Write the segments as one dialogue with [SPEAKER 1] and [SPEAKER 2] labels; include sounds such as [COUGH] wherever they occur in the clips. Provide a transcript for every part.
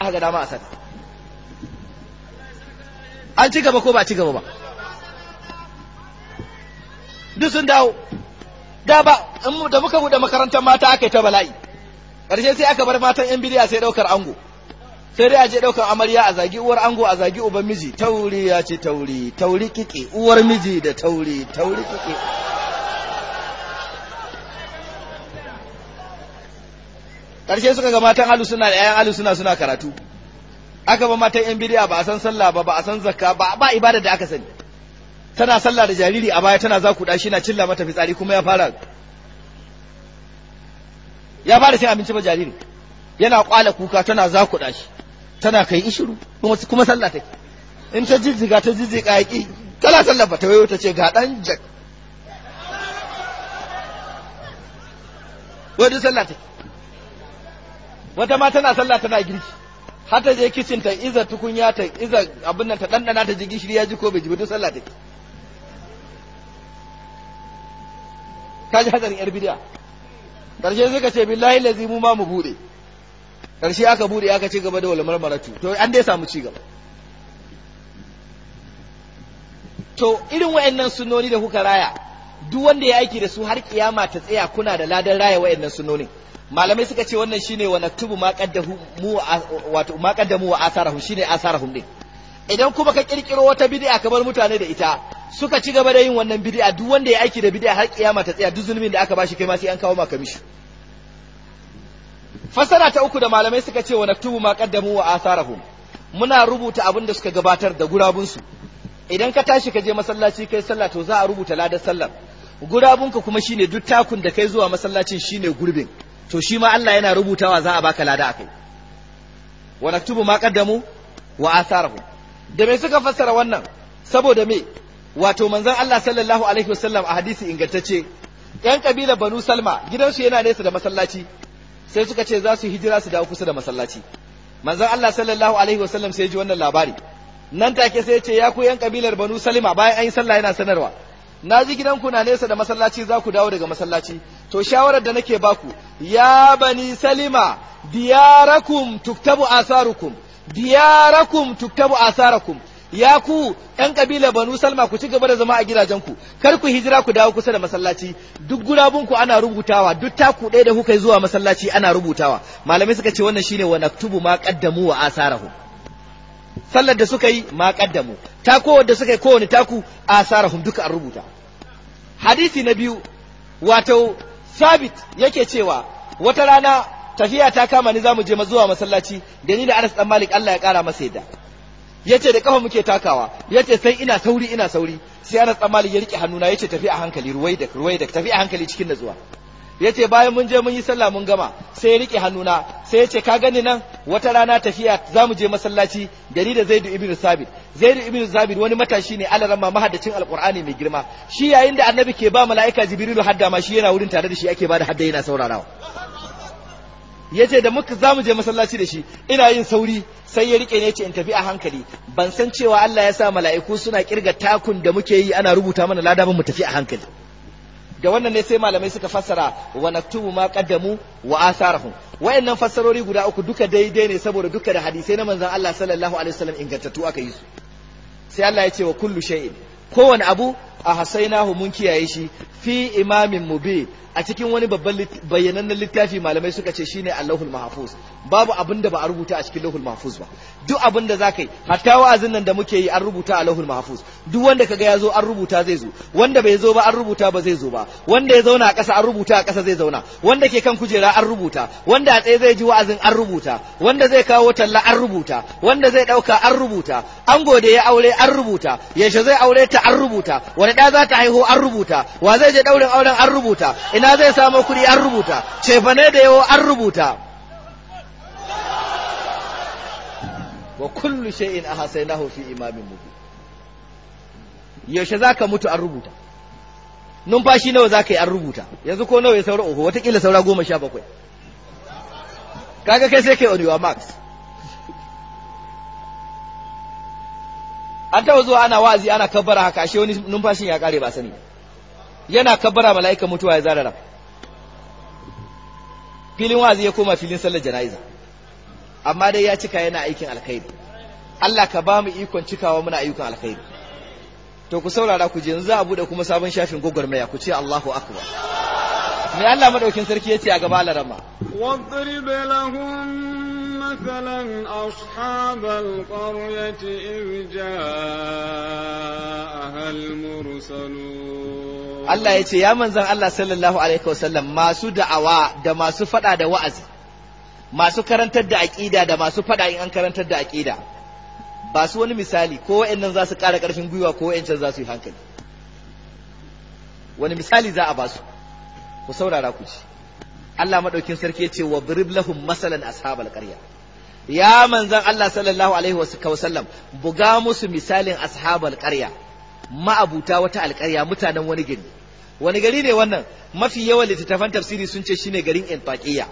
[SPEAKER 1] aka dama a an ci gaba ko ba ci gaba ba duk sun dawo da ba da muka buɗe makarantar mata aka yi ta bala'i ƙarshe sai aka bar matan yan bidiya sai ɗaukar ango sai dai a je ɗaukar amarya a zagi uwar ango a zagi uban miji tauri ya ce tauri tauri kike uwar miji da tauri tauri kike ƙarshe suka ga matan alu suna da ƴaƴan alu suna suna karatu aka ba matan yan bidiya ba a san sallah ba ba a san zakka ba ba ibada da aka sani tana sallah da jariri a baya tana za ku dashi na cilla mata fitsari kuma ya fara ya fara cin abinci ba jariri yana kwala kuka tana za ku dashi tana kai ishiru kuma sallah take in ta jijjiga ta jijjiga ya kala sallah ba ta wayo ta ce ga dan jak wai sallah take wata ma tana sallah tana girki har ta je kicin ta iza tukunya ta iza abin nan ta dandana ta ji gishiri ya ji ko bai ji ba sallah take ka ji hatsarin yar bidiya karshe suka ce billahi lazi mu ma mu bude karshe aka bude aka ci gaba da walmar maratu to an dai samu ci gaba to irin wayannan sunoni da kuka raya duk wanda ya aiki da su har kiyama ta tsaya kuna da ladan raya wayannan sunnonin malamai suka ce wannan shine wa naktubu ma mu wato ma qaddamu wa asarahum shine asarahum din idan kuma ka kirkiro wata bid'a kamar mutane da ita suka ci gaba da yin wannan bid'a duk wanda ya aiki da bid'a har kiyama ta tsaya duk zulumin da aka bashi kai ma sai an kawo maka mishi fasara ta uku da malamai suka ce wa naktubu ma qaddamu wa asarahum muna rubuta abin da suka gabatar da gurabun su idan ka tashi ka je masallaci kai sallah to za a rubuta ladar sallar gurabunka kuma shine duk takun da kai zuwa masallacin shine gurbin to shi ma Allah yana rubutawa za a baka lada akai wa naktubu ma qaddamu wa atharahum da me suka fassara wannan saboda me wato manzon Allah sallallahu alaihi wasallam a hadisi ingantacce yan kabila banu salma gidansu yana nesa da masallaci sai suka ce za su hijira su dawo kusa da masallaci manzon Allah sallallahu alaihi wasallam sai ya ji wannan labari nan take sai ya ce ya ku yan kabilar banu Salma bayan an yi sallah yana sanarwa na ji gidanku na nesa da masallaci za ku dawo daga masallaci to shawarar da nake baku ya bani salima diyarakum tuktabu asarukum diyarakum tuktabu asarakum ya ku ‘yan ƙabila banu salma ku ci gaba da zama a gidajenku kar ku hijira ku dawo kusa da masallaci duk gurabunku ana rubutawa duk taku ɗaya da kuka zuwa masallaci ana rubutawa malamai suka ce wannan shine wa naktubu ma qaddamu wa asarahum sallar da suka yi ma qaddamu tako da suka yi kowane taku asarahum duka an rubuta hadisi na biyu wato sabit yake cewa wata rana tafiya ta kama ni zamu je mu zuwa masallaci da ni da Anas dan Malik Allah ya kara masa yadda yace da kafa muke takawa yace sai ina sauri ina sauri sai Anas dan Malik ya rike hannuna yace tafi a hankali ruwai da tafi a hankali cikin nazuwa ya ce bayan mun je mun yi sallah mun gama sai ya riƙe hannuna sai ya ce ka gani nan wata rana tafiya za mu je masallaci gari da zaidu ibn sabit zaidu ibn sabit wani matashi ne alarama mahaddacin alqur'ani mai girma shi yayin da annabi ke ba mala'ika jibrilu hadda ma shi yana wurin tare da shi ake ba da hadda yana saurarawa ya ce da muka za mu je masallaci da shi ina yin sauri sai ya rike ne ce in tafi a hankali ban san cewa Allah ya sa mala'iku suna kirga takun da muke yi ana rubuta mana ladabin mu tafi a hankali da wannan ne sai malamai suka fassara wa naktubu ma qaddamu wa atharahum wayannan fassarori guda uku duka daidai ne saboda duka da hadisai na manzon Allah sallallahu alaihi wasallam ingantattu aka yi su sai Allah ya ce wa kullu shay'in kowane abu a hasainahu mun kiyaye shi fi imamin mubi a cikin wani babban bayyanannen littafi malamai suka ce shine Allahul Mahfuz babu abin da ba a rubuta a cikin Allahul Mahfuz ba duk abin da zaka yi hatta wa'azin nan da muke yi an rubuta a Allahul Mahfuz duk wanda kaga ya zo an rubuta zai zo wanda bai zo ba an rubuta ba zai zo ba wanda ya zauna a ƙasa an rubuta a ƙasa zai zauna wanda ke kan kujera an rubuta wanda a tsaye zai ji wa'azin an rubuta wanda zai kawo talla an rubuta wanda zai dauka an rubuta an gode ya aure an rubuta yaushe zai aure ta an rubuta wani da za ta haihu an rubuta wa zai je daurin auren an rubuta ina ina zai samo kuri an rubuta cefane da yawo an rubuta wa kullu shay'in na hofi imamin mubin yaushe ka mutu an rubuta numfashi nawa ka yi an rubuta yanzu ko nawa ya saura oho watakila saura goma sha bakwai kaga kai sai kai oniwa max an taɓa zuwa ana wazi ana kabbara haka ashe wani numfashin ya kare ba sani yana kabbara mala'ika mutuwa ya zarara filin wazi ya koma filin sallar jana'iza amma dai ya cika yana aikin alkhairi Allah ka ba mu ikon cikawa muna ayyukan alkhairi to ku saurara ku je yanzu a bude kuma sabon shafin gwagwarmaya ku ce Allahu akbar me Allah madaukin sarki yace a gaba larama
[SPEAKER 2] wadrib lahum مثلا أصحاب القرية إذ جاءها المرسلون الله يتي
[SPEAKER 1] يا من زن الله صلى الله عليه وسلم ما سود أوا دا سفد أدا وأز ما سكرنت دا أكيدا دا سفد ba su wani misali ko wa'annan za su ƙara ƙarfin gwiwa ko wa'ancan za su yi hankali wani misali za a ba ku saurara ku ci Allah maɗaukin sarki ya ce wa lahum masalan ashabal ƙarya ya manzan Allah sallallahu alaihi wasallam buga musu misalin ashabal ƙarya ma'abuta wata alƙarya mutanen wani gari wani gari ne wannan mafi yawan littattafan tafsiri sun ce shine garin Antakiya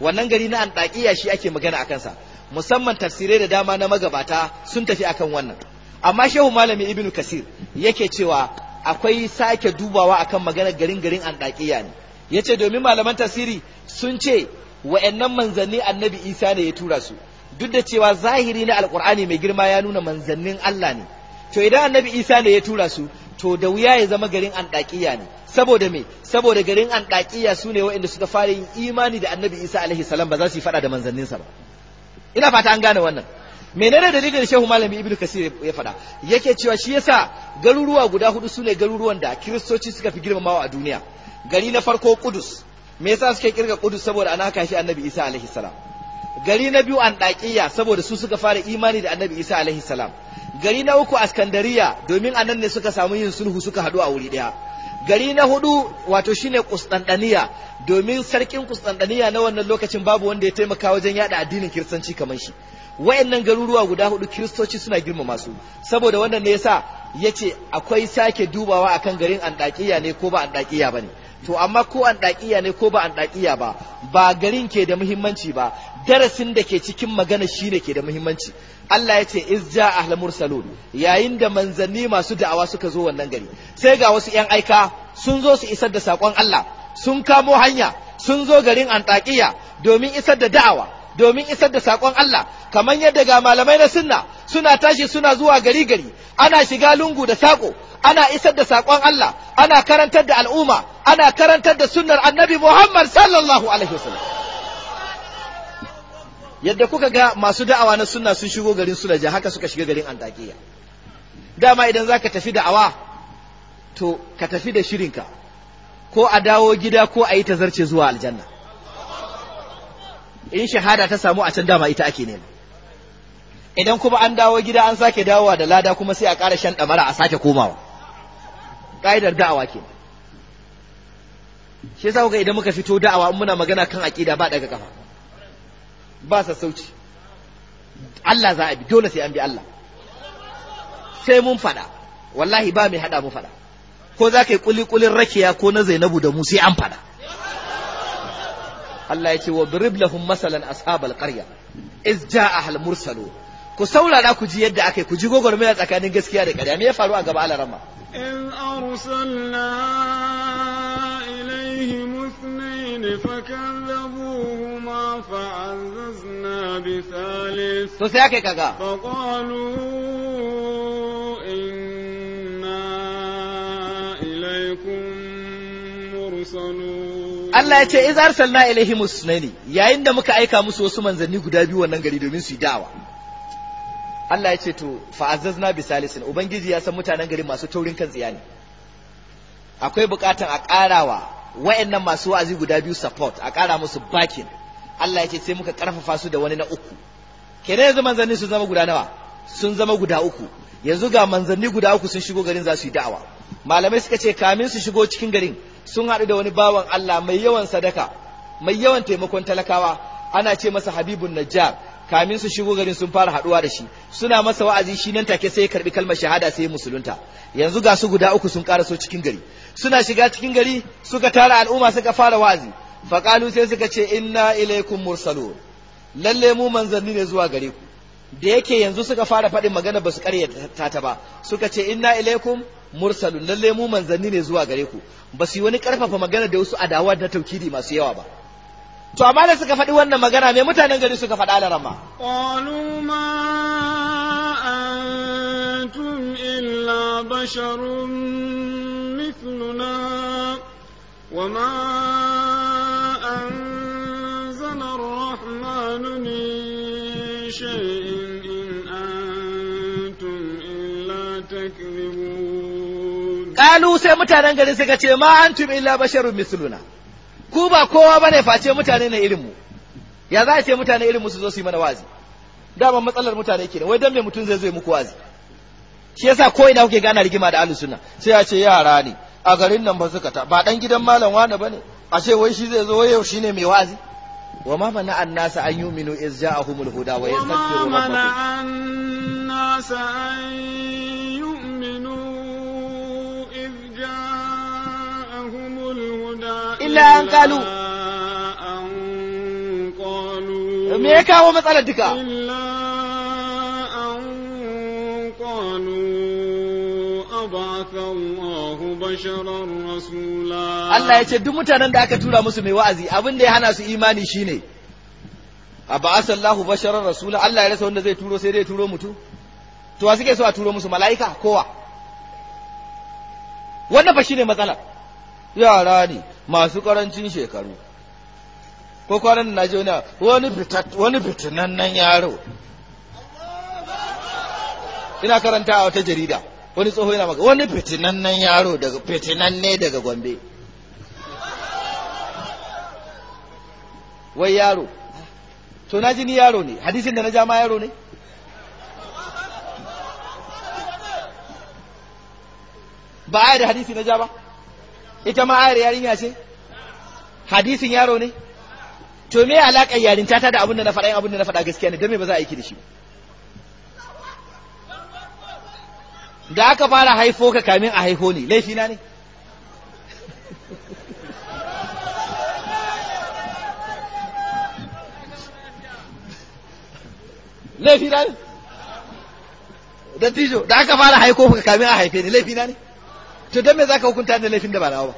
[SPEAKER 1] wannan gari na Antakiya shi ake magana akan sa musamman tafsirai da dama na magabata sun tafi akan wannan amma shehu malami ibnu kasir yake cewa akwai sake dubawa akan maganar garin garin Antakiya ne yace domin malaman tafsiri sun ce wa'annan manzanni annabi isa ne ya tura su duk da cewa zahiri na alkur'ani mai girma ya nuna manzannin allah ne to idan annabi isa ne ya tura su to da wuya ya zama garin andakiya ne saboda me saboda garin andakiya su ne wa'anda suka fara yin imani da annabi isa alaihi salam ba za su yi fada da manzanninsa ba ina fata an gane wannan menene dalilin da shehu malami ibnu kasir ya faɗa yake cewa shi yasa garuruwa guda hudu su ne garuruwan da kiristoci suka fi girmamawa a duniya gari na farko kudus me yasa suke kirga kudu saboda ana haka shi Annabi Isa alaihi salam gari na biyu an daqiya saboda su suka fara imani da Annabi Isa alaihi salam gari na uku Askandariya domin anan ne suka samu yin sulhu suka haɗu a wuri ɗaya gari na hudu wato shine Kustandaniya domin sarkin Kustandaniya na wannan lokacin babu wanda ya taimaka wajen yada addinin Kiristanci kamar shi wayannan garuruwa guda hudu Kiristoci suna girmama su saboda wannan ne yasa yace akwai sake dubawa akan garin Andakiya ne ko ba Andakiya bane to amma ko an ɗaƙiya ne ko ba an ɗaƙiya ba ba garin ke da muhimmanci ba darasin da ke cikin magana shi ne ke da muhimmanci Allah ya ce izja ahlul mursalun yayin da manzanni masu da'awa suka zo wannan gari sai ga wasu yan aika sun zo su isar da saƙon Allah sun kamo hanya sun zo garin Antakiya domin isar da da'awa domin isar da saƙon Allah kamar yadda ga malamai na sunna suna tashi suna zuwa gari gari ana shiga lungu da sako ana isar da saƙon Allah ana karantar da al'umma ana karantar da sunnar annabi Muhammad sallallahu alaihi wasallam yadda kuka ga masu da'awa na sunna sun shigo garin Sulaja haka suka shiga garin Antakiya dama idan zaka tafi da'awa to ka tafi da shirinka ko a dawo gida ko a yi tazarce zuwa aljanna in shahada ta samu a can dama ita ake nema idan kuma an dawo gida an sake dawowa da lada kuma sai a ƙara shan ɗamara a sake komawa ƙa'idar da'awa kenan shi yasa kuka idan muka fito da'awa in muna magana kan aqida ba daga kafa ba sauci Allah za a bi dole sai an bi Allah sai mun faɗa wallahi ba mai haɗa mu faɗa ko za ka yi kulikulin rakiya ko na zainabu da mu sai an fada Allah ya ce wa birib lahum masalan ashabal qarya iz ja'a al mursalu ku saurara ku ji yadda akai ku ji mai tsakanin gaskiya da ƙarya me ya faru a gaba alaramma
[SPEAKER 2] in arsalna عليهم اثنين فكذبوهما فعززنا بثالث فقالوا إنا إليكم مرسلون Allah
[SPEAKER 1] ya ce na arsalna ilaihim usnaini yayin da muka aika musu wasu manzanni guda biyu wannan gari domin su yi dawa Allah ya ce to na bisalisin ubangiji ya san mutanen gari masu taurin kan tsiya ne akwai bukatan a ƙarawa wa'annan masu wa'azi guda biyu support a ƙara musu bakin Allah ya ce sai muka ƙarfafa su da wani na uku kenan yanzu manzanni sun zama guda nawa sun zama guda uku yanzu ga manzanni guda uku sun shigo garin za su yi da'awa malamai suka ce kamin su shigo cikin garin sun haɗu da wani bawan Allah mai yawan sadaka mai yawan taimakon talakawa ana ce masa Habibun Najjar kamin su shigo garin sun fara haɗuwa da shi suna masa wa'azi shi nan take sai ya karbi kalmar shahada sai ya musulunta yanzu ga su guda uku sun karaso cikin gari suna shiga cikin gari suka tara al'umma suka fara wazi. faƙalu sai suka ce inna ilaikum mursalun lalle mu manzanni ne zuwa gare ku da yake yanzu suka fara faɗin magana basu su ta ba suka ce inna ilaikum mursalu. lalle mu manzanni ne zuwa gare ku ba su yi wani ƙarfafa magana da wasu adawa da taukidi masu yawa ba to amma da suka faɗi wannan magana me mutanen gari suka faɗa da rama qalu ma
[SPEAKER 2] antum illa basharun رسولا وما أنزل الرحمن من شيء إن
[SPEAKER 1] أنتم إلا تكذبون قالوا ما أنتم إلا بشر مثلنا ku ba kowa فاتي face mutane يا ذا ya za a ce mutane irinmu su zo su yi mana wazi dama matsalar shi yasa ko ina kuke gana rigima da ahlus sai ya ce yara ne a garin nan ba suka ta ba dan gidan malam wani bane ashe wai shi zai zo yau shine mai wazi wa ma mana an nasa an yuminu iz ja'ahumul huda wa yastaghfiru
[SPEAKER 2] rabbahum illa an kalu.
[SPEAKER 1] me ya kawo matsalar duka illa an qalu
[SPEAKER 2] abatha basharan rasula
[SPEAKER 1] Allah ya ce duk mutanen da aka tura musu mai wa'azi abin da ya hana su imani shine a Asallahu basharan rasula Allah ya rasa wanda zai turo sai dai turo mutu. to wa suke so a turo musu mala'ika kowa wannan ba shine matsalar yara ne masu karancin shekaru ko kwanan na je wani wani nan yaro ina karanta a wata jarida wani tsoho yana maka wani fitinannen yaro daga fitinanne daga gombe wai yaro to na ji ni yaro ne hadisin da na ja ma yaro ne ba ayar da hadisi na ja ba ita ma ayar yarinya ce hadisin yaro ne to me alaƙar yarinta ta da abinda da na faɗa yin da na faɗa gaskiya ne don me ba za a aiki da shi ba da aka fara haifo ka kamin a haifo ne laifi na ne laifi na ne dattijo da aka fara haifo ka kamin a haife ni laifi na ne to don me ka hukunta da laifin da ba ba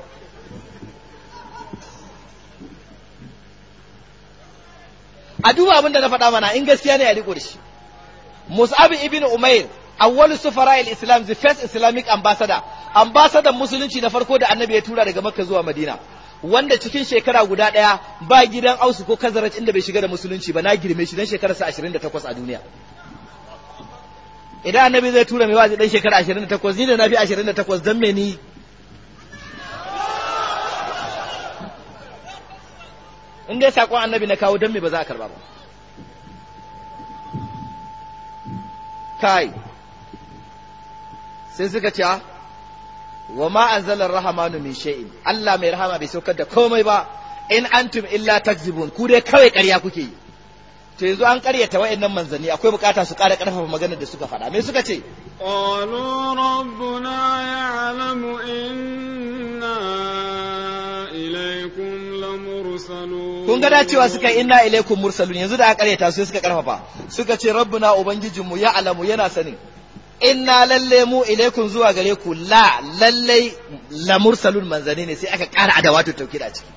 [SPEAKER 1] a duba abinda da na faɗa mana in gaskiya ne a riƙo da shi musabi ibn umair awwalu sufara'il islam the first islamic ambassador ambassador musulunci na farko da annabi ya tura daga makka zuwa madina wanda cikin shekara guda daya ba gidan ausu ko kazarat inda bai shiga da musulunci ba na girme shi dan shekararsa 28 a duniya idan annabi zai tura mai wazi dan shekara 28 ni da na fi 28 dan me ni in dai sakon annabi na kawo dan me ba za a karba ba kai sai suka ce ah, wa ma anzalar rahamanu min shay'in Allah mai rahama bai saukar da komai ba in antum illa takzibun ku dai kawai ƙarya kuke yi to yanzu an ƙaryata wa'annan manzanni akwai bukata su ƙara ƙarfafa maganar da suka faɗa me suka ce qalu
[SPEAKER 2] rabbuna ya'lamu inna ilaykum lamursalun kun ga
[SPEAKER 1] dacewa suka inna ilaykum mursalun yanzu da aka ƙaryata su suka ƙarfafa suka ce rabbuna ubangijinmu ya'lamu yana sanin inna lalle mu ilaikum zuwa gare ku la lalle la mursalun manzani ne sai aka ƙara adawatu tauki a ciki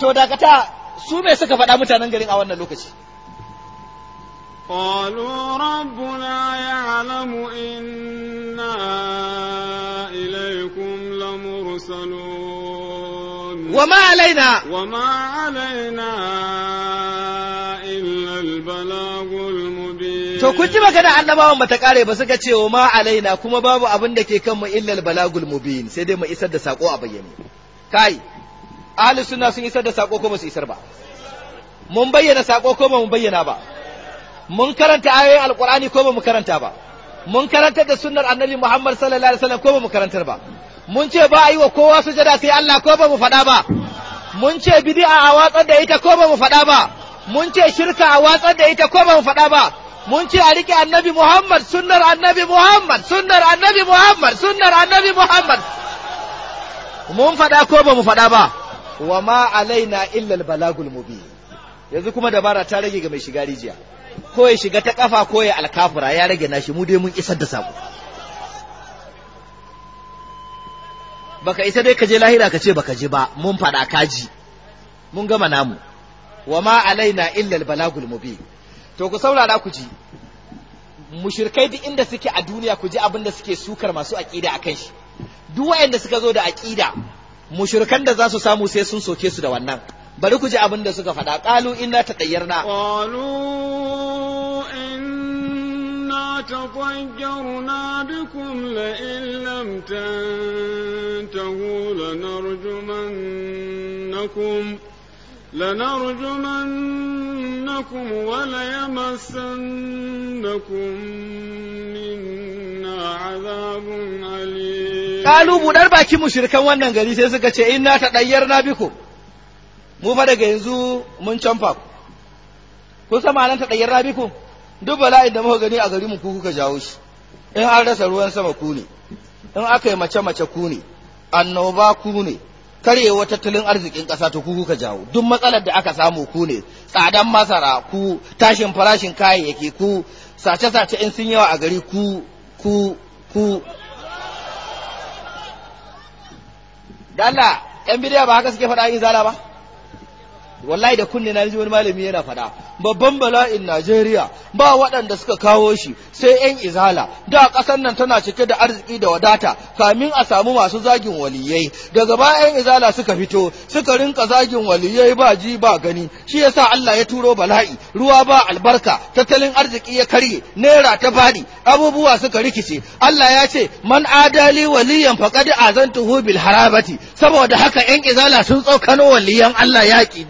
[SPEAKER 1] to dakata su me suka faɗa mutanen garin a wannan lokaci قالوا ربنا يعلم إنا
[SPEAKER 2] إليكم لمرسلون وما علينا وما علينا To kun ji magana
[SPEAKER 1] annabawan bata kare ba suka ce wa ma alaina kuma babu abin da ke kan mu illal balagul mubin sai dai mu isar da sako a bayyane. Kai ahli sunna sun isar da sako ko ba su isar ba. Mun bayyana sako ko ba mun bayyana ba. Mun karanta ayoyin alqur'ani ko ba mu karanta ba. Mun karanta da sunnar annabi Muhammad sallallahu alaihi wasallam ko ba mu karanta ba. Mun ce ba a yi wa kowa sujada sai Allah ko ba mu faɗa ba. Mun ce bid'a a watsar da ita ko ba mu faɗa ba. Mun ce shirka a watsar da ita ko ba mu faɗa ba. mun ce a rike annabi Muhammad sunnar annabi Muhammad sunnar annabi Muhammad sunnar annabi Muhammad mun faɗa ko ba mu faɗa ba wa ma alaina illa albalagul mubin yanzu kuma dabara ta rage ga mai shiga rijiya ko ya shiga ta kafa ko ya alkafura ya rage nashi mu dai mun isar da sako baka isa dai ka je lahira ka ce baka je ba mun faɗa kaji mun gama namu wa ma alaina illa albalagul mubin to ku saurara ku ji mushirkai duk inda suke a duniya ku ji abin da suke sukar masu aƙida akan shi duk wayanda suka zo da aƙida mushirkan da za su samu sai sun soke su da wannan bari ku ji abin da suka faɗa qalu inna tatayyarna qalu
[SPEAKER 2] inna tatayyarna bikum la in lam tantahu lanarjumannakum لنرجمنكم وليمسنكم منا عذاب أليم
[SPEAKER 1] قالوا بدر باكي مشركان wannan gari sai suka ce inna na biku. mu fa daga yanzu mun canfa ku kun san ma'anar na biku. duk bala'in da muka gani a gari mu ku kuka jawo shi in an rasa ruwan sama ku ne in aka yi mace mace ku ne annoba ku ne wa tattalin arzikin ƙasa ta, ku kuka jawo duk matsalar da aka samu ku ne tsadan masara ku tashin farashin kayayyaki ku sace-sace in sun yawa a gari ku ku ku dalla yan bidiya ba haka suke faɗa in zala ba wallahi da kunne na ji wani malami yana faɗa babban bala'in Najeriya ba waɗanda suka kawo shi sai 'yan izala da ƙasar nan tana cike da arziki da wadata kamin a samu masu zagin waliyai daga baya 'yan izala suka fito suka rinka zagin waliyai ba ji ba gani shi yasa Allah ya turo bala'i ruwa ba albarka tattalin arziki ya karye naira ta fadi abubuwa suka rikice Allah ya ce man adali waliyan faqad azantuhu bil harabati saboda haka 'yan izala sun tsokano waliyan Allah yaƙi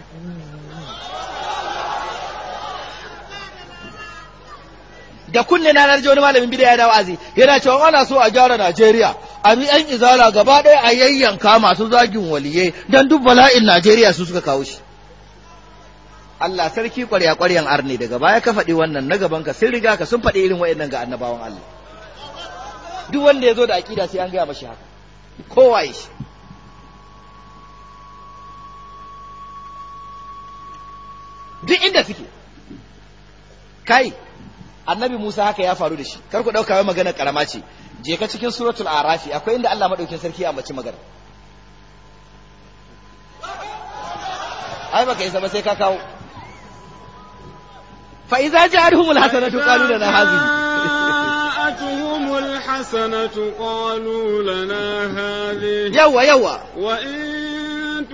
[SPEAKER 1] da kunne na narje wani malamin bidiyar da wa'azi yana cewa ana so a gyara Najeriya a bi yan izala gaba ɗaya a yayyanka masu zagin waliyai don duk bala'in Najeriya su suka kawo shi Allah sarki ƙwarya ƙwaryan arne daga baya ka faɗi wannan na gaban ka sun riga ka sun faɗi irin wa'annan ga annabawan Allah duk wanda ya zo da aƙida sai an gaya mashi haka kowa ya shi duk inda suke kai annabi Musa haka ya faru da shi kar ku dauka wai magana karama ce je ka cikin suratul arafi akwai inda Allah madaukin sarki ya mace magana ai baka isa ba sai ka kawo fa iza ja'alhum hasanatu qalu lana hadhihi
[SPEAKER 2] الحسنة قالوا لنا هذه يوا يوا وإن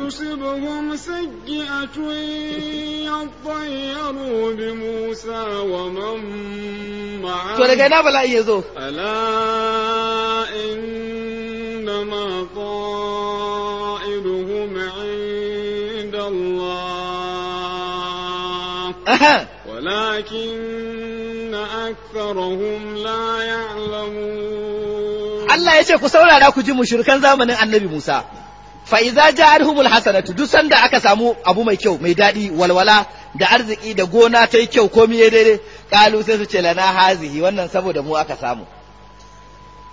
[SPEAKER 2] تصبهم سيئة يطيروا بموسى ومن معه ألا إنما طائرهم عند الله ولكن أكثرهم
[SPEAKER 1] لا يعلمون Allah ya ce ku saurara ku ji mushrikan zamanin Annabi Musa Fa'iza idza Humul hasanatu duk sanda aka samu abu mai kyau mai daɗi walwala da arziki da gona ta kyau komai ya daidai Ƙalu sai su ce lana hazihi wannan saboda mu aka samu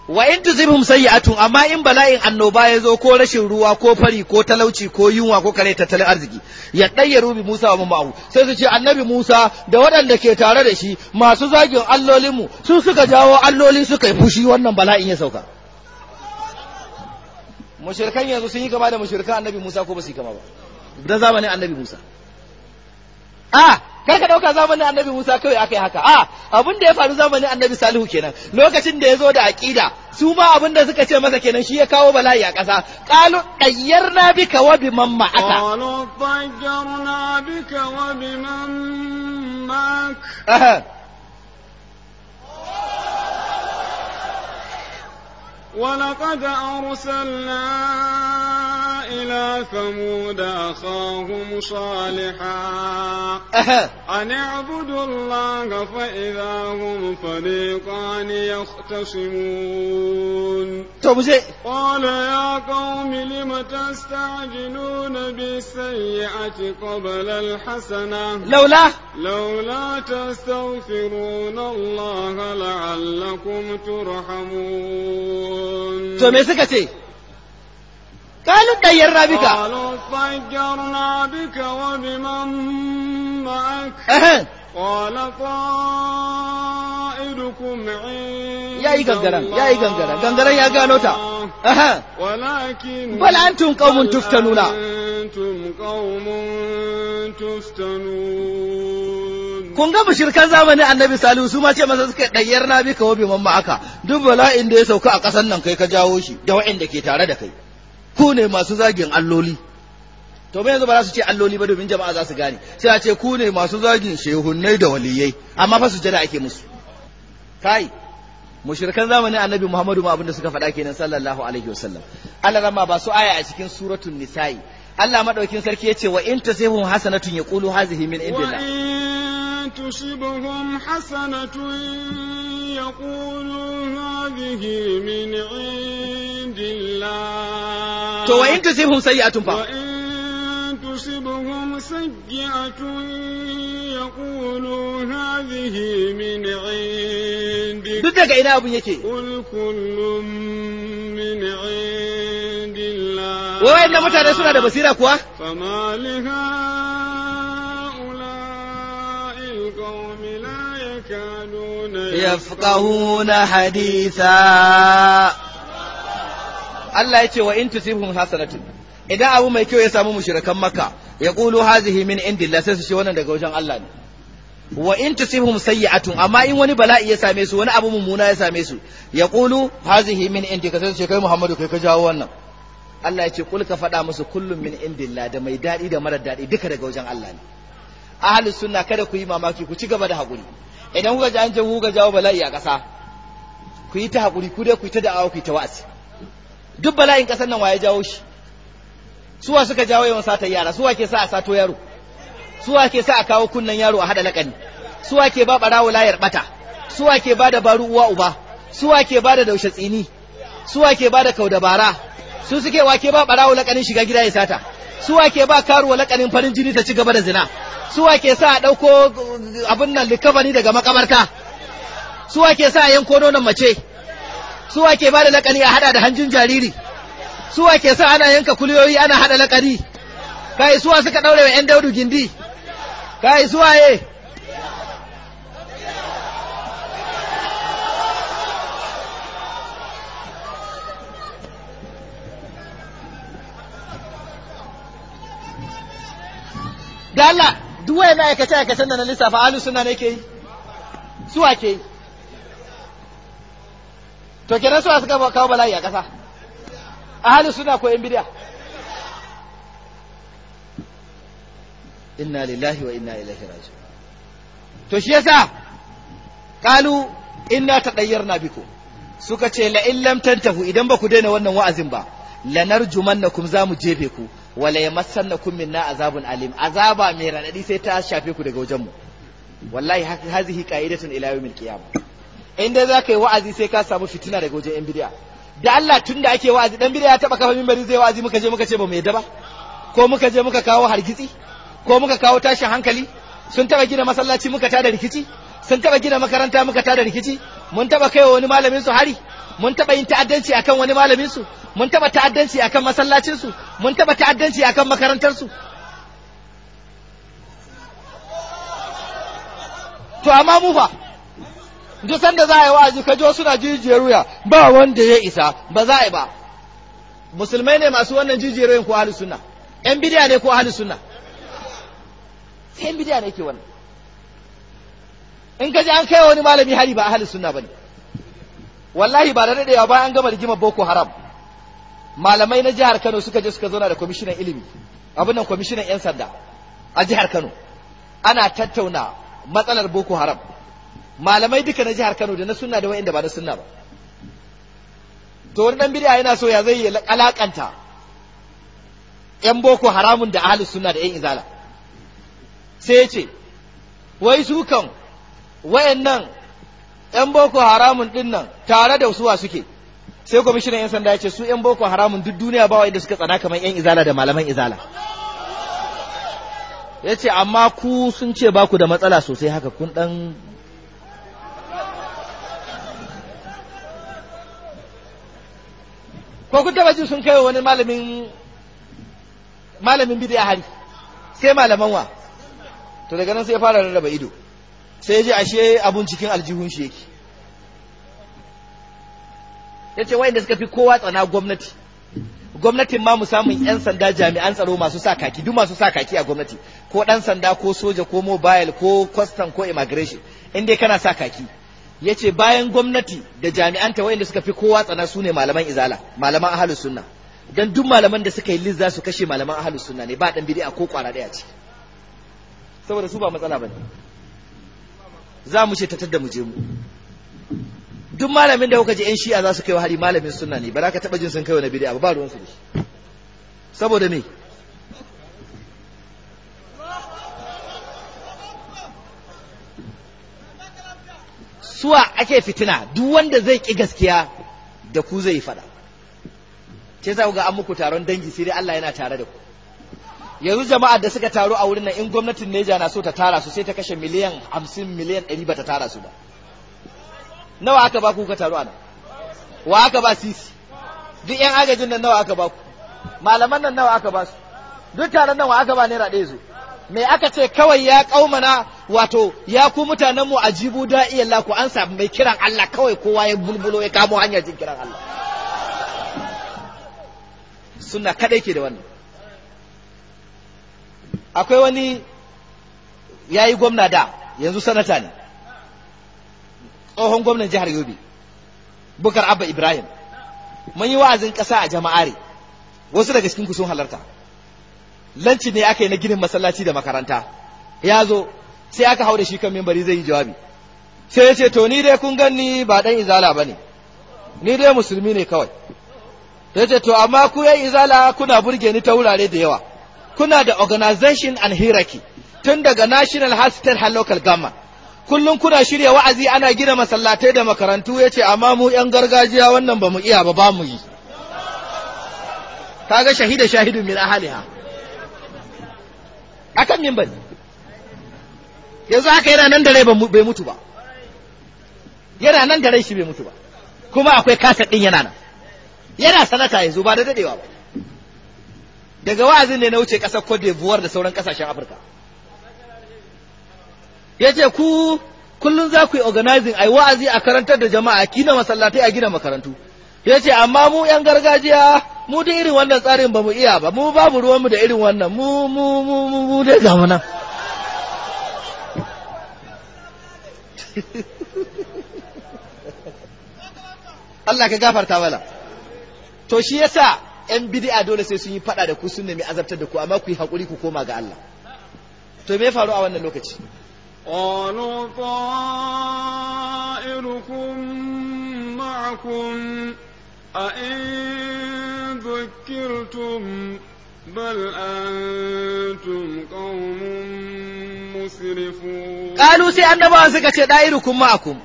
[SPEAKER 1] wa in tuzibhum sayyi'atun amma in bala'in annoba ya zo ko rashin ruwa ko fari ko talauci ko yunwa ko kare tattalin arziki ya dayyaru bi Musa wa mamahu sai su ce annabi Musa da waɗanda ke tare da shi masu zagin allolinmu sun suka jawo alloli suka yi fushi wannan bala'in ya sauka mushirkan yanzu sun yi kama da mushirkan annabi Musa ko ba su yi kama ba da zamanin annabi Musa a kar ka dauka zamanin annabi Musa kawai akai haka a abin da ya faru zamanin annabi Salihu kenan lokacin da ya zo da aqida su ma abin da suka ce masa kenan shi ya kawo bala'i a ƙasa qalu tayyarna bika wa biman ma'aka
[SPEAKER 2] qalu tayyarna bika wa ولقد أرسلنا وإلى ثمود أخاهم صالحا أن اعبدوا الله فإذا هم فريقان يختصمون قال يا قوم لم تستعجلون بالسيئة قبل الحسنة لولا لولا تستغفرون الله لعلكم
[SPEAKER 1] ترحمون قالوا طيرنا بك قالوا طيرنا بك
[SPEAKER 2] وبمن معك أه. قال طائركم عند يا إيغنغران يا
[SPEAKER 1] إيغنغران kun ga mushrikan zamanin annabi salihu su ma ce masa suka ɗayyar na bi ka wabi mamma aka duk bala'in da ya sauka a ƙasar nan kai ka jawo shi da waɗanda ke tare da kai ku ne masu zagin alloli to me yanzu ba za su ce alloli ba domin jama'a za su gane sai a ce ku ne masu zagin shehunnai da waliyai amma fa su sujada ake musu kai mushrikan zamanin annabi muhammadu ma abinda suka faɗa kenan sallallahu alaihi wasallam Allah zama ba su aya a cikin suratul nisa'i Allah madaukin sarki ya ce wa in tasihum hasanatun yaqulu hazihi min indillah
[SPEAKER 2] تصبهم حسنة يقولوا هذه من عند الله تو وإن تصبهم سيئة فا وإن تصبهم سيئة يقولوا هذه من عندك دك إلى أبو
[SPEAKER 1] يكي قل
[SPEAKER 2] كل من عند الله وإن متى رسولة
[SPEAKER 1] بصيرك وا فما لها يفقهون حديثا Allah ya ce wa in tusibhum hasanatun idan abu mai kyau ya samu mushrikan Makka ya qulu hazihi min indillah sai su ce wannan daga wajen Allah ne wa in tusibhum sayyi'atun amma in wani bala'i ya same su wani abu mummuna ya same su ya qulu hazihi min indika sai su kai Muhammadu kai ka jawo wannan Allah ya ce kul faɗa musu kullum min indillah da mai daɗi da marar daɗi duka daga wajen Allah ne ahlus sunna kada ku yi mamaki ku ci gaba da hakuri. idan kuka ji an ce kuka jawo bala'i a ƙasa ku yi ta haƙuri ku dai ku yi ta da'awa ku yi ta wa'azi duk bala'in ƙasar nan waye jawo shi suwa suka jawo yawan satan yara suwa ke sa a sato yaro suwa ke sa a kawo kunnan yaro a hada lakani suwa ke ba barawo layar bata suwa ke ba da baru uwa uba suwa ke ba da daushe tsini suwa ke ba da kaudabara su suke wake ba barawo lakanin shiga gida ya sata su wake ba karuwa lakanin farin jini ta ci gaba da zina su wake sa a ɗauko uh, abin nan likabani daga makabarta su wake sa a yanko nonon mace su wake ba da lakani a hada da hanjin jariri su wake sa ana yanka kuliyoyi ana hada lakani kai suwa suka daure wa yan daudu gindi kai suwaye da Allah duk wayan aikace aikacen da na lissafa ahlus sunna ne ke yi suwa ke yi to kenan suwa suka kawo bala'i a ƙasa ahlus sunna ko yan bid'a inna lillahi wa inna ilaihi raji'un to shi yasa kalu inna tadayyarna biko suka ce la in tantahu idan ba ku daina wannan wa'azin ba lanarjumannakum za mu jefe ku wala yamassannakum minna azabun alim azaba mai radadi sai ta shafe ku daga wajen mu wallahi hazihi qa'idatun ila yawmil qiyamah in dai zaka yi wa'azi sai ka samu fitina daga wajen yan bid'a da Allah tunda ake wa'azi dan bid'a ya taba kafa minbari zai wa'azi muka je muka ce ba mu yadda ba ko muka je muka kawo hargitsi ko muka kawo tashin hankali sun taba gina masallaci muka tada rikici sun taba gina makaranta muka tada rikici mun taba wa wani malamin su hari mun taba yin ta'addanci akan wani malamin su mun taba ta'addanci akan masallacin su mun taba ta'addanci akan makarantar su to amma mu fa duk sanda za a yi wa'azi ka jo suna jijiyar wuya ba wanda ya isa ba za a yi ba musulmai ne masu wannan jijiyar ko ahli sunna yan bidiya ne ko ahli sunna sai yan bidiya ne ke wannan in ka ji an kai wani malami hari ba ahli sunna bane wallahi ba da daɗewa ba an gama rigimar boko haram malamai na jihar Kano suka je suka zauna da kwamishinan ilimi abin nan kwamishinan 'yan sanda a jihar Kano ana tattauna matsalar Boko Haram malamai duka na jihar Kano da na sunna da wa'inda ba na sunna ba to wani dan bid'a yana so ya zai ya alakanta yan boko haramun da ahlus sunna da yan izala sai ya ce wai su kan wayannan yan boko haramun din nan tare da suwa suke sai kwamishinan 'yan sanda ya ce su 'yan boko haramun duk duniya ba wa'inda suka tsana kamar 'yan izala da malaman izala ya ce amma ku sun ce ba ku da matsala sosai haka kun ɗan ko kun taba sun kai wani malamin malamin a hari sai malaman wa to daga nan sai ya fara rarraba ido sai ya ji ashe abun cikin aljihun shi yake ya ce wayanda suka fi kowa tsana gwamnati gwamnatin ma mu samun yan sanda jami'an tsaro masu sa kaki duk masu sa kaki a gwamnati ko dan sanda ko soja ko mobile ko custom ko immigration in dai kana sa kaki yace bayan gwamnati da jami'anta wayanda suka fi kowa tsana su ne malaman izala malaman ahlus sunna dan duk malaman da suka yi liz za su kashe malaman ahlus sunna ne ba dan bid'a ko kwara daya ce saboda su ba matsala bane za mu ce ta tadda mu je mu duk malamin da kuka ji yan shi'a za su kai hari malamin suna ne ba za ka taba jin sun kai wani bid'a ba ruwan su da shi saboda me suwa ake fitina duk wanda zai ƙi gaskiya da ku zai fada ce za ku ga an muku taron dangi sai dai Allah yana tare da ku yanzu jama'a da suka taru a wurin nan in gwamnatin Neja na so ta tara su sai ta kashe miliyan 50 miliyan 100 ba ta tara su ba nawa aka ba ku ka taru ana wa aka ba sisi duk yan agajin nan nawa aka ba ku malaman nan nawa aka ba su duk taron nan wa aka ba naira ɗaya zo me aka ce kawai ya kaumana wato ya ku mutanen mu ajibu da'iyan la ku an mai kiran Allah kawai kowa ya bulbulo ya kamo hanyar jin kiran Allah sunna kadai ke da wannan akwai wani yayi gwamna da yanzu sanata ne tsohon gwamnan jihar Yobe Bukar Abba Ibrahim mun yi wa'azin ƙasa a jama'are wasu daga cikin ku sun halarta lanci ne aka yi na ginin masallaci da makaranta ya zo sai aka hau da shi kan mimbari zai yi jawabi sai ce to ni dai kun ganni ba dan izala ba ne ni dai musulmi ne kawai ya ce to amma ku yi izala kuna burge ni ta wurare da yawa kuna da organization and hierarchy tun daga national hospital har local government kullum kuna shirya wa'azi ana gina masallatai da makarantu ya ce amma mu 'yan gargajiya wannan ba mu iya ba ba mu yi ga shahida shahidu min ahaliha akan bani. yanzu haka yana nan da rai bai mutu ba yana nan da rai shi bai mutu ba kuma akwai kasa din yana nan yana sanata yanzu ba da dadewa ba daga wa'azin ne na wuce kasar Cote d'Ivoire da sauran kasashen Afirka ya ce ku kullum za ku yi organizing a yi wa'azi a karantar da jama'a a masallatai a gina makarantu ya ce amma mu ‘yan gargajiya mu da irin wannan tsarin ba mu iya ba mu babu ruwanmu da irin wannan mu mu mu mu mu dai zamanan [LAUGHS] Allah ka gafarta mana to shi yasa ‘yan bid'a dole sai sun yi faɗa da ku sun nemi azabtar da ku amma ku yi haƙuri ku koma ga Allah to me faru a wannan lokaci
[SPEAKER 2] قالوا طائركم معكم أئن ذكرتم بل أنتم قوم مسرفون قالوا سي أنما أنزك
[SPEAKER 1] دائركم معكم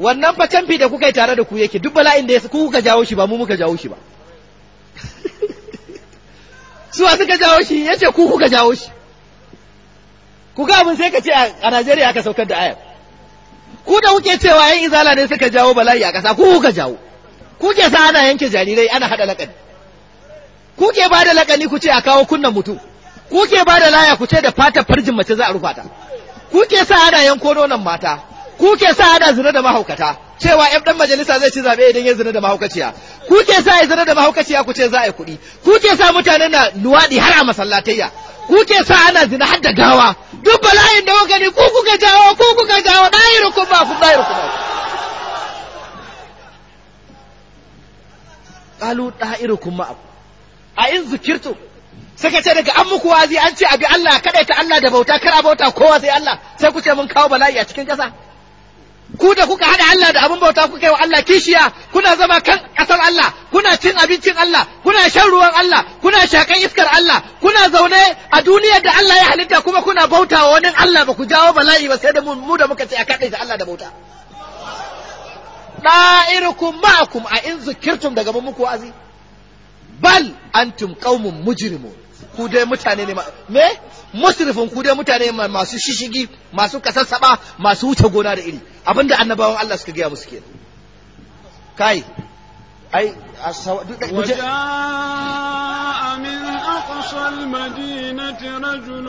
[SPEAKER 1] wannan fa canfi da kuka yi tare da ku yake duk bala'in da ya ku kuka jawo shi ba mu muka jawo shi ba [LAUGHS] suwa suka jawo shi yace ku kuka jawo shi ku ga abin sai ka ce a Najeriya aka saukar da ayar ku da kuke cewa yan izala ne suka jawo bala'i a ƙasa ku kuka jawo ku ke sa ana yanke jarirai ana haɗa lakani ku ke ba da lakani ku ce a kawo kunnan mutum ku ke ba da laya ku ce da fatar farjin mace za a rufa ta ku ke sa ana yanko nonon mata ku ke sa ana zina da mahaukata cewa yan dan majalisa zai ci zaɓe idan ya zina da mahaukaciya ku ke sa ya zina da mahaukaciya ku ce za a yi kuɗi ku ke sa mutane na luwaɗi har a masallatayya ku ke sa ana zina har da gawa duk bala'in da kuka ne ku kuka jawo ku kuka jawo ɗayiru ku ba ku ku ba ƙalu ku ma ku a in zikirtu suka ce daga an muku wazi an ce abi Allah kaɗai ta Allah da bauta kar a bauta kowa sai Allah sai ku ce mun kawo bala'i a cikin ƙasa ku da kuka haɗa Allah da abin bauta kuka yi wa Allah kishiya kuna zama kan ƙasar Allah kuna cin abincin Allah kuna shan ruwan Allah kuna shakan iskar Allah kuna zaune a duniyar da Allah ya halitta kuma kuna bauta wa wani Allah ba ku jawo bala'i ba sai da mu da muka ce a kaɗaita Allah da bauta da'irukum ma'akum a in zikirtum daga mun muku azi bal antum qaumun mujrimun ku dai mutane ne me musrifin ku dai mutane masu shishigi masu kasassaba masu wuce gona da iri da annabawan Allah suka gaya musu kenan kai ai وجاء من
[SPEAKER 2] أقصى المدينة رجل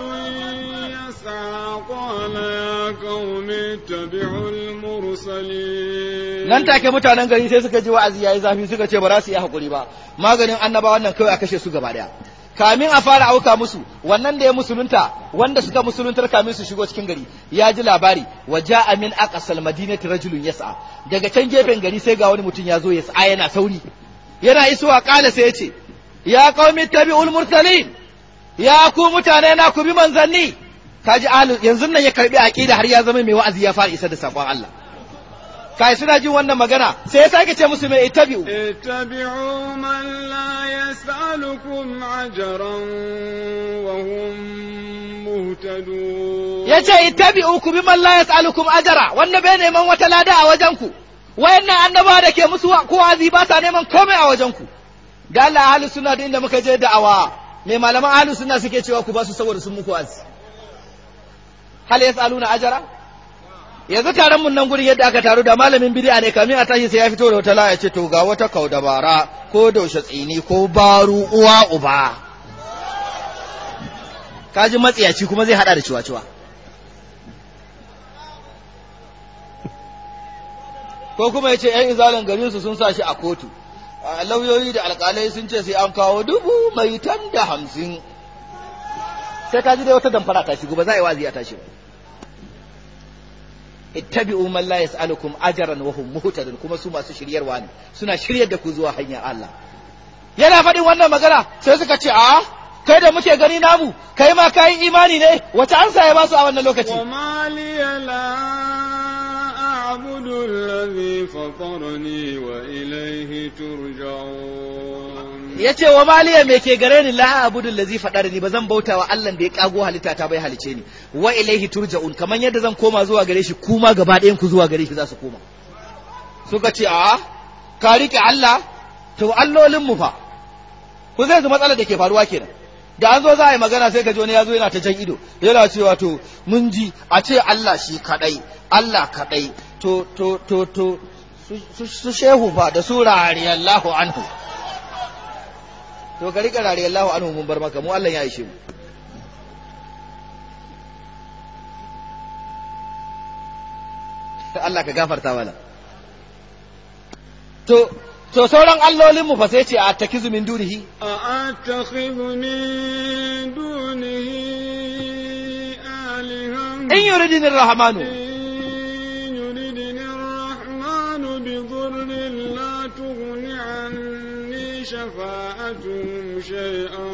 [SPEAKER 2] يسعى قال يا قوم اتبعوا المرسلين nan
[SPEAKER 1] take mutanen gari sai suka ji wa'azi yayi zafi suka ce ba za su yi hakuri ba maganin annabawan nan kawai a kashe su gaba daya kamin a fara auka musu wannan da ya musulunta wanda suka musuluntar kamin su shigo cikin gari ya ji labari wa ja'a min aqsal madinati rajulun yas'a daga can gefen gari sai ga wani mutum ya zo yas'a yana sauri yana isuwa kala sai ya ce ya qaumi tabi'ul mursalin ya ku mutane na ku bi manzanni kaji alu yanzu nan ya karbi aqida har ya zama mai wa'azi ya fara isa da sakon Allah kai suna jin wannan magana sai ya sake ce musu mai itabi'u
[SPEAKER 2] itabi'u man la yas'alukum ajran wa hum
[SPEAKER 1] muhtadun yace itabi'u ku bi man la yas'alukum ajra wanda bai neman wata lada a wajen ku wayannan annaba da ke musu ko azi ba sa neman komai a wajen ku da Allah ahlus sunna da muka je da'awa me malaman ahlus sunna suke cewa ku ba su saboda sun muku azi hal yas'aluna ajra yanzu taron mun nan gurin yadda aka taru da malamin bid'a ne kamin a tashi sai ya fito da wata laya ce to ga wata kaudabara ko daushe tsini ko baru uwa uba kaji matsiyaci kuma zai hada da ciwa-ciwa ko kuma ya ce ‘yan izalin gari su sun sa shi a kotu lauyoyi da alƙalai sun ce sai an kawo dubu mai tan da hamsin sai kaji ji dai wata damfara ta shigo ba za a yi wazi a tashi ba ittabi'u man la yas'alukum ajran wa hum muhtadun kuma su masu shiryarwa ne suna shiryar da ku zuwa hanyar Allah yana faɗin wannan magana sai suka ce a kai da muke gani namu kai ma kayan imani ne wata ansa ya basu a wannan lokaci أعبد الذي wa وإليه ترجعون ya ce wa maliya mai ke gare ni la da lazi faɗa da ni ba zan bauta wa Allah da ya kago halitta ta bai halice ni wa ilaihi turja'un kamar yadda zan koma zuwa gare shi kuma gaba ɗayan ku zuwa gare shi za su koma suka ce a ka rike Allah to allolin mu fa ku zai matsalar da ke faruwa kenan da an zo za a yi magana sai ka ji wani ya zo yana ta jan ido yana cewa to mun ji a ce Allah shi kaɗai Allah kaɗai to to to to su shehu fa da su rariyallahu anhu to ka rika allahu anhu mun bar maka mu Allah ya ishe mu [LAUGHS] Allah ka gafarta mana to to sauran allolin mu fa sai ce a takizu min dunihi
[SPEAKER 2] a atakhibu min dunihi alihan in yuridini rahmanu in yuridini rahmanu bi dhurrin la tughni شفاعتهم شيئا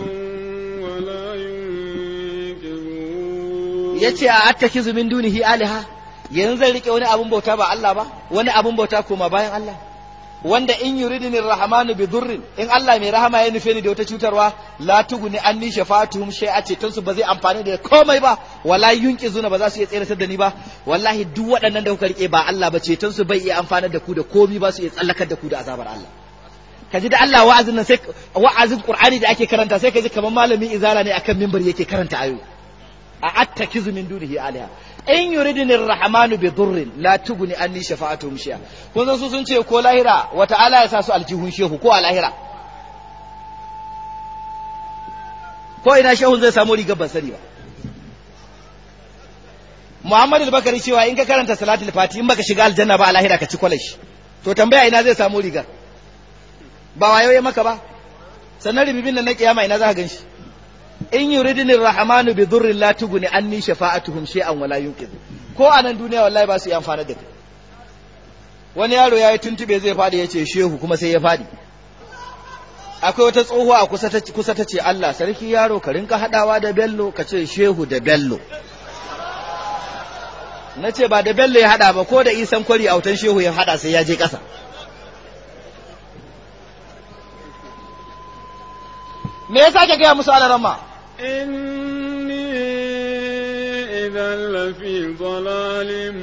[SPEAKER 2] ولا ينقذون
[SPEAKER 1] يتي أتكز من دونه الهه ينزل لك وني أبو بوتا با الله با وني أبو بوتا كوما باين الله wanda in yuridni rahmanu bi durrin in Allah mai rahama ya nufe ni da wata cutarwa la tuguni anni shafa'atuhum shay'a ce tansu ba zai amfani da komai ba wala yunqizuna ba za su iya tsere da ni ba wallahi duk waɗannan da kuka rike ba Allah ba ce tansu bai iya amfani da ku da komai ba su iya tsallakar da ku da azabar Allah ka ji da Allah wa'azin nan sai wa'azin Qur'ani da ake karanta sai ka ji kamar malami izara ne akan mimbar yake karanta ayo a attakizu min dunihi aliha in yuridni rahamanu rahmanu bi dhurrin la tughni anni shafa'atuhum shay'a kun san su sun ce ko lahira wa ta'ala ya sa su aljihun shehu ko a lahira ko ina shehun zai samu rigar ban sani ba Muhammadu al-Bakari cewa in ka karanta salatul fati in baka shiga aljanna ba a lahira ka ci kwalashi to tambaya ina zai samu rigar ba yau ya maka ba sannan ribibin nan na kiyama ina za ka ganshi in ridinin rahmanu bi dhurrin la tughni anni shafa'atuhum shay'an wala yunqidhu ko a duniya wallahi ba su yi amfana da kai wani yaro ya yi tuntube zai fadi ya ce shehu kuma sai ya fadi akwai wata tsohuwa a kusa ta ce Allah sarki yaro ka rinka hadawa da bello ka ce shehu da bello na ce ba da bello ya hada ba ko da isan kwari autan shehu ya haɗa sai ya je ƙasa me yasa ke gaya musu alarama inni idan
[SPEAKER 2] lafi dalalin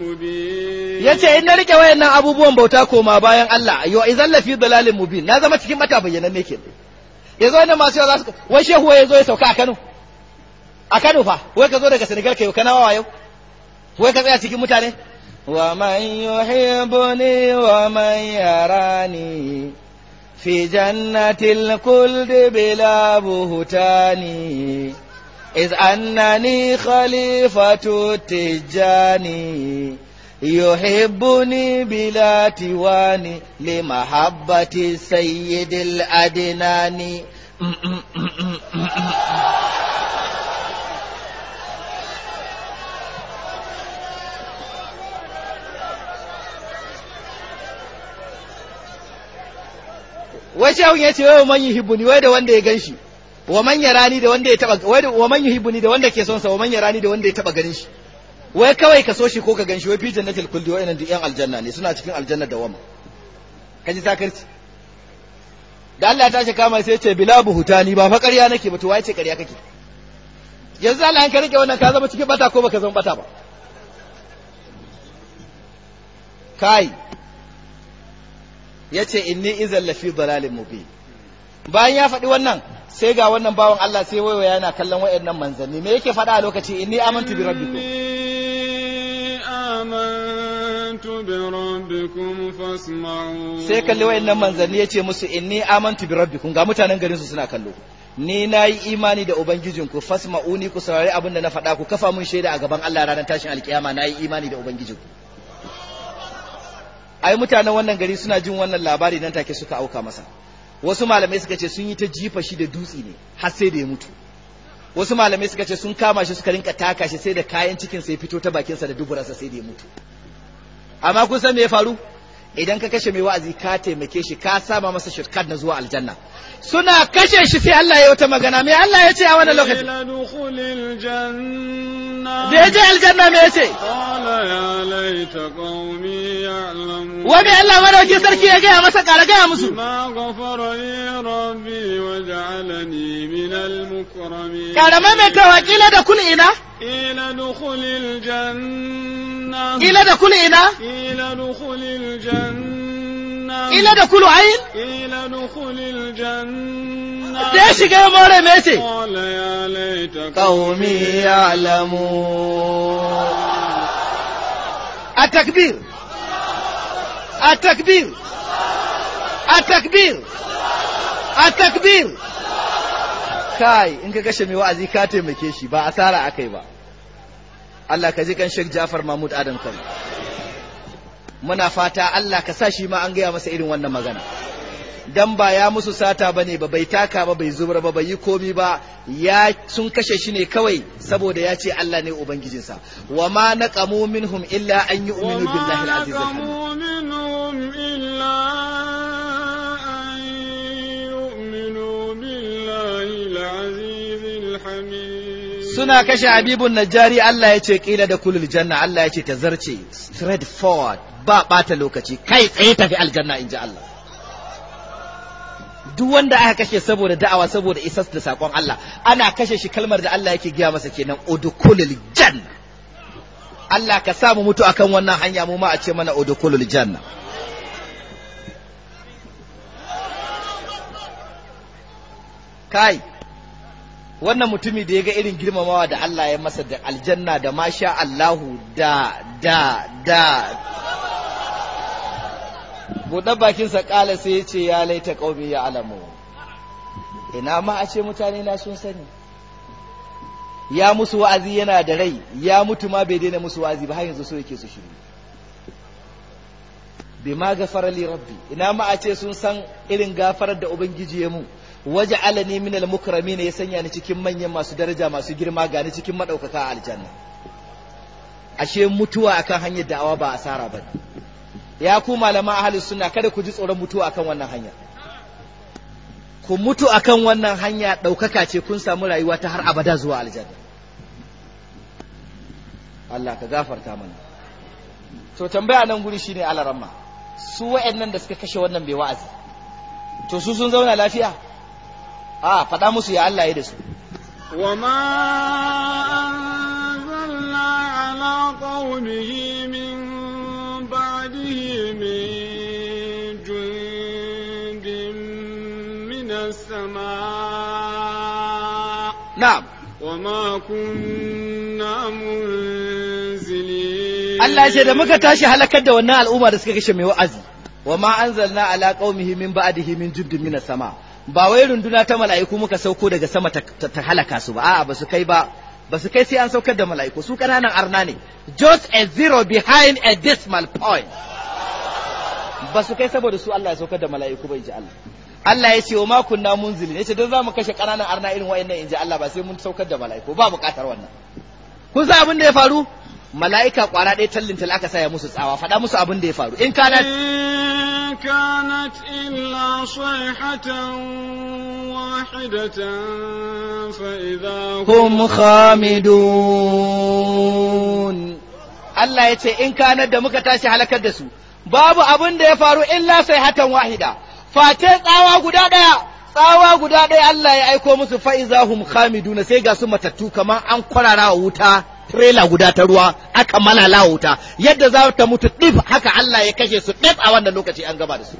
[SPEAKER 2] mubin
[SPEAKER 1] yace in na rike wayannan abubuwan bauta koma bayan Allah yo idan lafi dalalin mubin na zama cikin mata bayyana ne ke yazo wannan masu yawa za su wai shehu yazo ya sauka a Kano a Kano fa wai ka zo daga Senegal kai kana wawa yau wai ka tsaya cikin mutane wa man yuhibbuni wa man yarani في جنة الكلد بلا بهتان إذ أنني خليفة التجاني يحبني بلا تواني لمحبة السيد الأدنان wai shehun ya ce wai man yuhibbuni wai da wanda ya ganshi wa man yarani da wanda ya taba wai wa man yuhibbuni da wanda ke son sa wa man yarani da wanda ya taba ganin shi wai kawai ka so shi ko ka ganshi wai fi jannatul kulli wa inna yan aljanna ne suna cikin aljanna da wama kaji takarci da Allah ta shi kama sai ya ce bila buhutani ba fa ƙarya nake ba to wai ce ƙarya kake yanzu Allah ka rike wannan ka zama cikin bata ko baka zama bata ba kai ya ce inni izan lafi dalalin mubi bayan ya faɗi wannan sai ga wannan bawan Allah sai waiwa yana kallon nan manzanni me yake faɗa a lokaci inni ni bi rabbikum
[SPEAKER 2] amantu bi rabbikum fasma'u
[SPEAKER 1] sai kalli nan manzanni yace musu inni amantu bi rabbikum ga mutanen garin su suna kallo ni na yi imani da ubangijinku fasma'uni ku saurari abin da na faɗa ku kafa mun shaida a gaban Allah ranar tashin alkiyama na yi imani da ubangijinku ai mutanen wannan gari suna jin wannan labari nan take suka auka masa wasu malamai suka ce sun yi ta jifa shi da dutse ne har sai da ya mutu wasu malamai suka ce sun kama shi suka rinka taka shi sai da kayan cikin sai fito ta bakinsa da duburarsa sai da ya mutu amma kun san me ya faru idan ka kashe mai wa'azi ka taimake shi ka sama masa shirkat na zuwa aljanna suna kashe shi sai Allah ya wata magana me Allah ya ce a wannan lokaci da ya je aljanna me ya ce wani Allah madaukin sarki ya gaya masa ƙara gaya musu.
[SPEAKER 2] Ma ghafara li rabbi wa ja'alani min Karama mai tawa kila
[SPEAKER 1] da kun ina? Ila dukhulil janna. Ila da kun ina? ƙila da kulu ayin? Ila dukhulil janna. Da ya shiga ya more me ce? Qala ya
[SPEAKER 2] laita
[SPEAKER 1] A takbir. التكبير التكبير التكبير kai in ka kashe mai wa'azi ka taimake shi ba asara akai ba Allah ka ji kan Sheikh Jafar Mahmud Adam kan muna fata Allah ka sa shi ma an gaya masa irin wannan magana dan ba ya musu sata bane ba bai taka ba bai zubra ba bai yi komi ba ya sun kashe shi ne kawai saboda ya ce Allah ne ubangijinsa wa ma naqamu minhum illa an yu'minu billahi al-aziz suna kashe habibun najari Allah ya ce kila da kulul janna Allah ya ce ta zarce straightforward ba bata lokaci kai tsaye tafi aljanna in ji Allah duk wanda aka kashe saboda da'awa saboda isas da sakon Allah ana kashe shi kalmar da Allah yake gaya masa kenan udkhulul janna Allah ka sa mu mutu akan wannan hanya mu ma a ce mana udkhulul janna kai wannan mutumi da ya ga irin girmamawa da Allah ya masa da aljanna da masha Allahu da da da buɗe bakinsa ƙala sai ya ce ya laita ƙaumi ya alamu ina ma a ce mutane na sun sani ya musu wa'azi yana da rai ya mutu ma bai daina musu wa'azi ba har yanzu so yake su shiru bi ma gafara li rabbi ina ma a ce sun san irin gafarar da ubangiji ya mu waje alani min al ne ya sanya ni cikin manyan masu daraja masu girma ga ni cikin maɗaukaka a aljanna ashe mutuwa akan hanyar da'awa ba asara ne ya ku malaman ahlus suna kada ku ji tsoron mutu akan wannan hanya ku mutu akan wannan hanya ɗaukaka ce kun samu rayuwa ta har abada zuwa aljanna Allah ka gafarta mana to tambaya nan guri shine alaramma su wa'annan da suka kashe wannan bai wa'azi to su sun zauna lafiya a faɗa musu ya Allah ya da su
[SPEAKER 2] wa ma anzalna ala qaumihi Allah وما da muka tashi يشهد
[SPEAKER 1] da wannan al'umma da suka kashe mai wa'azi. Wa ma أنزلنا على قومه min بعده min جند min sama. ba wai runduna ta mala'iku muka sauko daga sama ta, halaka su ba a'a ba su kai ba ba su kai sai an saukar da mala'iku su kananan arna ne just a zero behind a decimal point ba su kai saboda su Allah ya saukar da mala'iku bai ji Allah Allah ya ce wa ma kunna munzilin ce don mu kashe kananan arna irin in ji Allah ba sai mun saukar da mala'iku ba buƙatar wannan kun san abin da ya faru mala'ika ƙwara ɗaya tallintal aka saya musu tsawa faɗa musu abin da ya faru in
[SPEAKER 2] kana كانت إلا صيحة واحدة فإذا هم خامدون
[SPEAKER 1] Allah ya ce in kanar da muka tashi halakar da su babu abin da ya faru illa sai Fate tsawa guda ɗaya tsawa guda ɗaya Allah ya aiko musu fa'iza fa'izahum khamiduna sai ga su matattu kamar an kwarara wuta trela guda ta ruwa aka malala wuta yadda za ta mutu ɗif haka Allah ya kashe su ɗif a wannan lokaci an gaba da su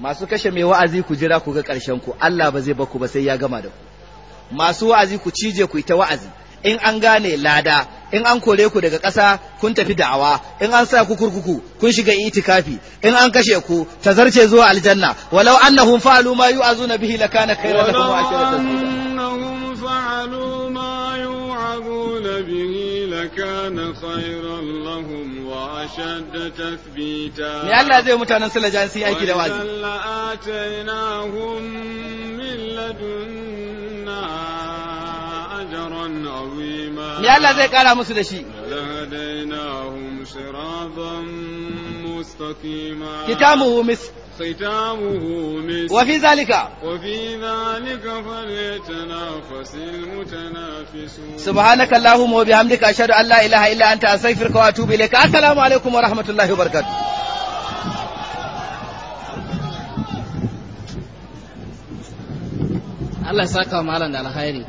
[SPEAKER 1] masu kashe mai wa'azi ku jira ku ga ƙarshen ku Allah ba zai ku ba sai ya gama da ku masu wa'azi ku cije ku ita wa'azi in an gane lada in an kore ku daga ƙasa kun tafi da'awa in an sa ku kurkuku kun shiga itikafi in an kashe ku ta zarce zuwa aljanna walau annahum fa'alu ma yu'azuna bihi lakana khayran lakum wa annahum fa'alu ma yu'azuna bihi lakana khayran lahum wa tathbita Allah zai mutanen sulajan su aiki da wazi atainahum min
[SPEAKER 2] me Allah
[SPEAKER 1] zai kara musu da shi kitamuhu mis
[SPEAKER 2] Kitamuhu mis wa fi zalika wa fi zalika falyatanafasil mutanafisun
[SPEAKER 1] subhanaka allahumma anta astaghfiruka wa atubu ilayka assalamu wa rahmatullahi wa Allah ya saka malam da alkhairi